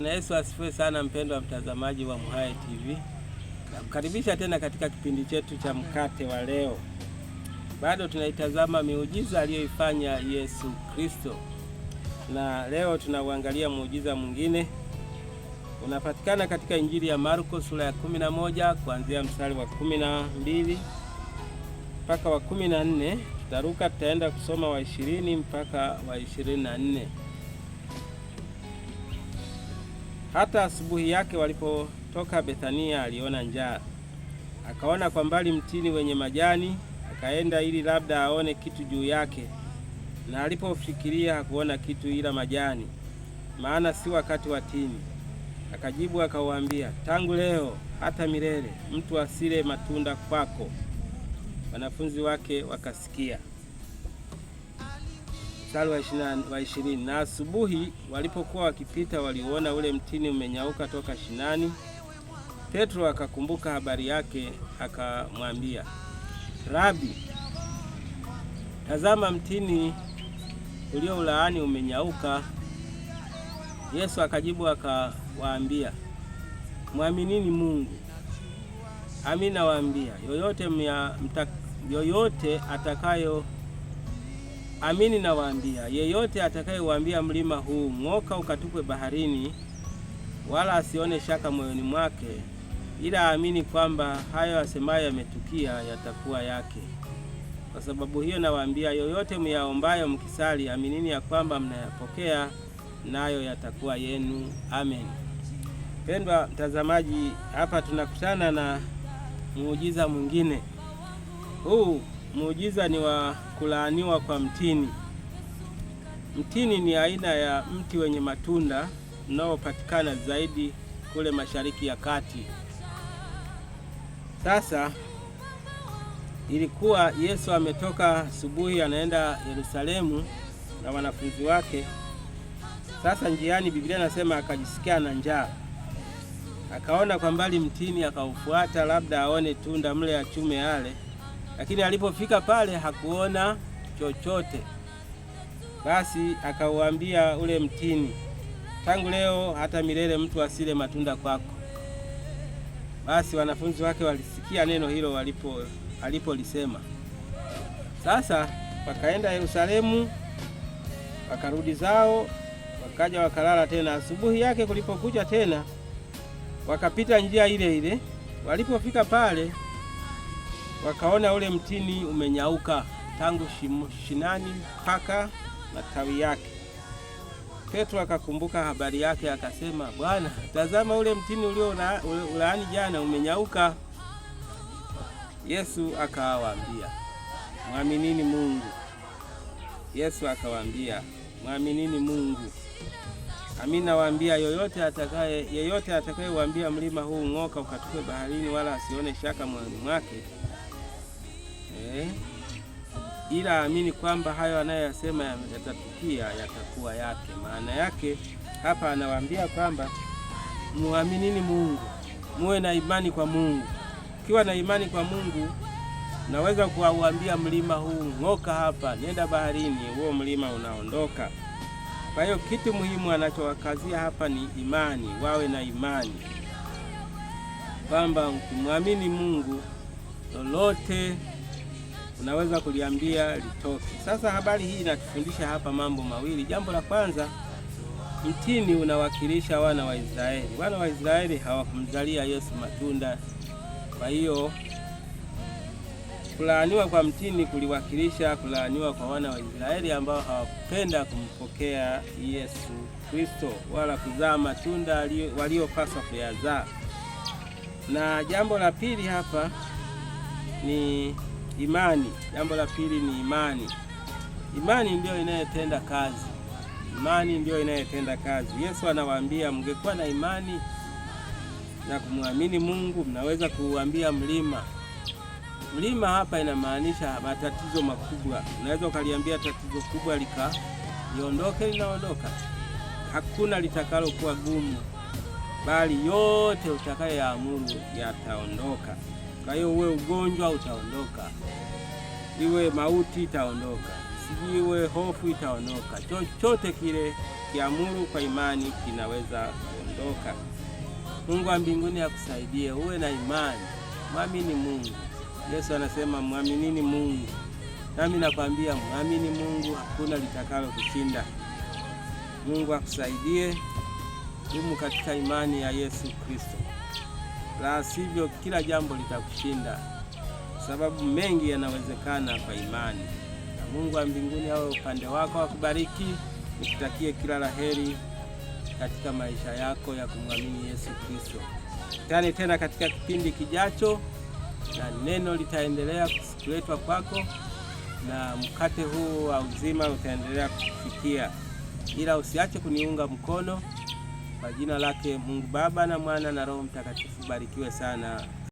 Na Yesu asifiwe sana, mpendo wa mtazamaji wa MHAE TV, nakukaribisha tena katika kipindi chetu cha mkate wa leo. Bado tunaitazama miujiza aliyoifanya Yesu Kristo, na leo tunauangalia muujiza mwingine. Unapatikana katika Injili ya Marko sura ya 11 kuanzia mstari wa 12 mpaka wa 14. Tutaruka, tutaenda kusoma wa 20 mpaka wa 24. Hata asubuhi yake walipotoka Bethania, aliona njaa. Akaona kwa mbali mtini wenye majani, akaenda ili labda aone kitu juu yake, na alipofikiria hakuona kitu ila majani, maana si wakati wa tini. Akajibu akawaambia, tangu leo hata milele mtu asile matunda kwako. Wanafunzi wake wakasikia mstari wa ishirini, na asubuhi walipokuwa wakipita waliuona ule mtini umenyauka toka shinani. Petro akakumbuka habari yake, akamwambia Rabi, tazama mtini ulio ulaani umenyauka. Yesu akajibu akawaambia, mwaminini Mungu. Amina waambia yoyote, yoyote atakayo Amini nawaambia, yeyote atakayeuambia mlima huu ng'oka ukatupwe baharini, wala asione shaka moyoni mwake, ila aamini kwamba hayo asemayo yametukia, yatakuwa yake. Kwa sababu hiyo nawaambia, yoyote myaombayo mkisali, aminini ya kwamba mnayapokea, nayo yatakuwa yenu. Amen. Pendwa mtazamaji, hapa tunakutana na muujiza mwingine huu muujiza ni wa kulaaniwa kwa mtini. Mtini ni aina ya mti wenye matunda unaopatikana zaidi kule Mashariki ya Kati. Sasa ilikuwa Yesu ametoka asubuhi anaenda Yerusalemu na wanafunzi wake. Sasa njiani, Biblia nasema akajisikia na njaa, akaona kwa mbali mtini, akaufuata labda aone tunda mle achume ale lakini alipofika pale hakuona chochote. Basi akauambia ule mtini, tangu leo hata milele mtu asile matunda kwako. Basi wanafunzi wake walisikia neno hilo walipo alipolisema. Sasa wakaenda Yerusalemu, wakarudi zao, wakaja wakalala tena. Asubuhi yake kulipokucha tena, wakapita njia ile ile. Walipofika pale wakaona ule mtini umenyauka tangu shinani mpaka matawi yake. Petro akakumbuka habari yake, akasema, Bwana, tazama ule mtini ulio ulaani jana umenyauka. Yesu akawaambia, mwaminini Mungu. Yesu akawaambia, mwaminini Mungu. amina nawaambia, yoyote atakaye yeyote atakayewaambia mlima huu ng'oka, ukatupe baharini, wala asione shaka moyoni mwake eh, ila amini kwamba hayo anayoyasema yatatukia, yatakuwa yake. Maana yake hapa anawaambia kwamba muaminini Mungu, muwe na imani kwa Mungu. Ukiwa na imani kwa Mungu naweza kuwauambia mlima huu ng'oka hapa, nenda baharini, huo mlima unaondoka. Kwa hiyo kitu muhimu anachowakazia hapa ni imani, wawe na imani kwamba mkimwamini Mungu lolote unaweza kuliambia litoke. Sasa habari hii inatufundisha hapa mambo mawili. Jambo la kwanza, mtini unawakilisha wana wa Israeli. Wana wa Israeli hawakumzalia Yesu matunda, kwa hiyo kulaaniwa kwa mtini kuliwakilisha kulaaniwa kwa wana wa Israeli ambao hawakupenda kumpokea Yesu Kristo wala kuzaa matunda waliopaswa kuyazaa. Na jambo la pili hapa ni Imani, jambo la pili ni imani. Imani ndiyo inayotenda kazi, imani ndiyo inayotenda kazi. Yesu anawaambia mngekuwa na imani na kumwamini Mungu, mnaweza kuuambia mlima. Mlima hapa inamaanisha matatizo makubwa. Unaweza ukaliambia tatizo kubwa lika liondoke, linaondoka. Hakuna litakalokuwa gumu, bali yote utakayoyaamuru yataondoka. Kwa hiyo uwe ugonjwa utaondoka, iwe mauti itaondoka, sijui iwe hofu itaondoka, chochote kile kiamuru kwa imani kinaweza kuondoka. Mungu wa mbinguni akusaidie, uwe na imani, mwamini Mungu. Yesu anasema mwaminini Mungu, nami nakwambia mwamini Mungu, hakuna litakalo kushinda. Mungu akusaidie, dumu katika imani ya Yesu Kristo la sivyo kila jambo litakushinda, sababu mengi yanawezekana kwa imani. Na Mungu wa mbinguni awe upande wako, akubariki. Nikutakie kila laheri katika maisha yako ya kumwamini Yesu Kristo. Kutane tena katika kipindi kijacho, na neno litaendelea kuletwa kwako na mkate huu wa uzima utaendelea kufikia, ila usiache kuniunga mkono. Kwa jina lake Mungu Baba na Mwana na Roho Mtakatifu, barikiwe sana.